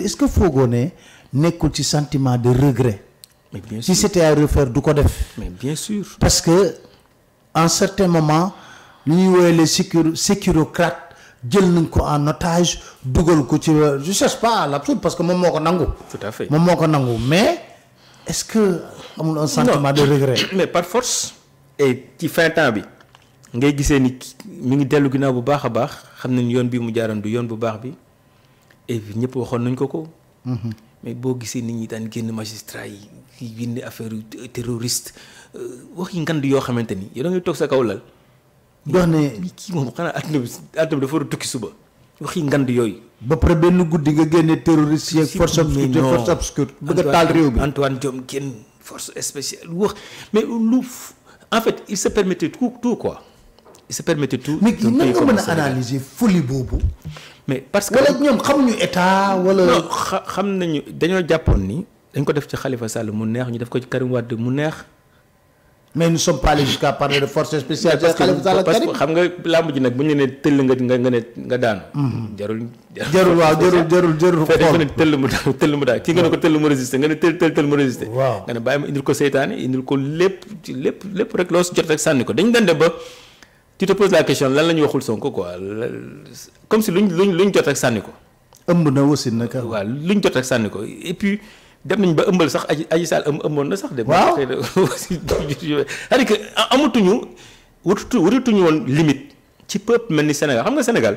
est-ce que foogoo ne nekkul ci sentiment de regret. mais bien sûr si c'était à refaire du ko def. mais bien sûr parce que en certains moments, li ñuy les sécurocrates jël nañ en otage dugal ko ci je cherche pas l'absurde parce que moom moo ko nangu. tout à fait moom moo ko nangu mais est-ce que a un sentiment non. de regret. mais par force. et ci fin temps bi. ngay gisee ni mi ngi dellu ginnaaw bu baax a baax xam nañ bi mu jaaroon du yoon bu baax bi et puis ñëpp waxoon nañ ko ko. Mhm. mais boo gisee nit ñi daan génn magistrat yi ki bind affaire terroriste euh, wax yi ngand yoo xamante ni yow da sa kaw lal. wax ne moom xanaa àdduna bi àdduna bi a tukki suba wax yi ngand yooyu. ba pare benn guddi nga génne terroriste yeeg force obscure force obscure bëgg a réew bi Antoine diom génn force spéciale wax mais lu en fait il se permettait tout quoi il se permettait tout. mais nan nga mën analyser folie boobu. mais parce que wala ñoom xamuñu état wala. non xam nañu dañoo jàppoon ni dañ ko def ci xalifa Sall mu neex ñu def ko ci Karim Wade mu neex. mais nous sommes pas allés parce que xam nga làmb ji nag bu ñu nee tëll nga nga nga ne nga daanu. Mm-hmm. jarul jarul waaw jarul jarul jarul. xool nga ne tëll mu daanu tëll mu daanu kii nga ne ko tëll mu résisté nga tëll tëll mu résisté. waaw bàyyi ma indil ko seytaane indil ko lépp lépp lépp rek loo si jot rek sànni ko dañu daan dem ba tu te poses la question lan la waxul Sonko quoi comme si luñ luñ luñ jot ak ëmb na aussi et puis dem nañ ba ëmbal sax aji sax. de que limite ci peuple Sénégal.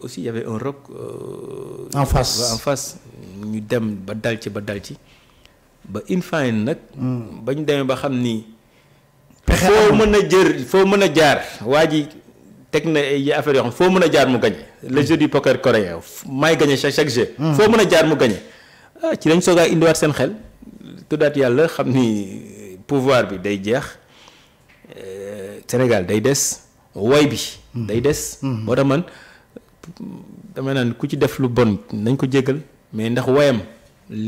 aussi il y avait un roc. Euh, en face en face ñu dem ba dal ci ba dal ci ba in fine nag. Hmm. ba ba jër affaire le jeu du poker coréen may gagne chaque chaque jeu. Hmm. fo jaar mu ah, ci lañ soga indi wat sen xel yalla xamni pouvoir bi day jeex euh, Sénégal day woy bi mhm. day des mhm. moo tax man dama naan ku ci def lu bon nañ ko jéggal mais ndax woyam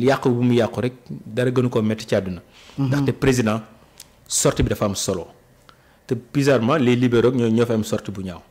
yàqu bu mu yàqu rek dara gënu koo métti ci àdduna mhm. ndaxte président sortie bi dafa am solo te bizarrement les libéraux ñoo ñoo fa am sortie bu ñaaw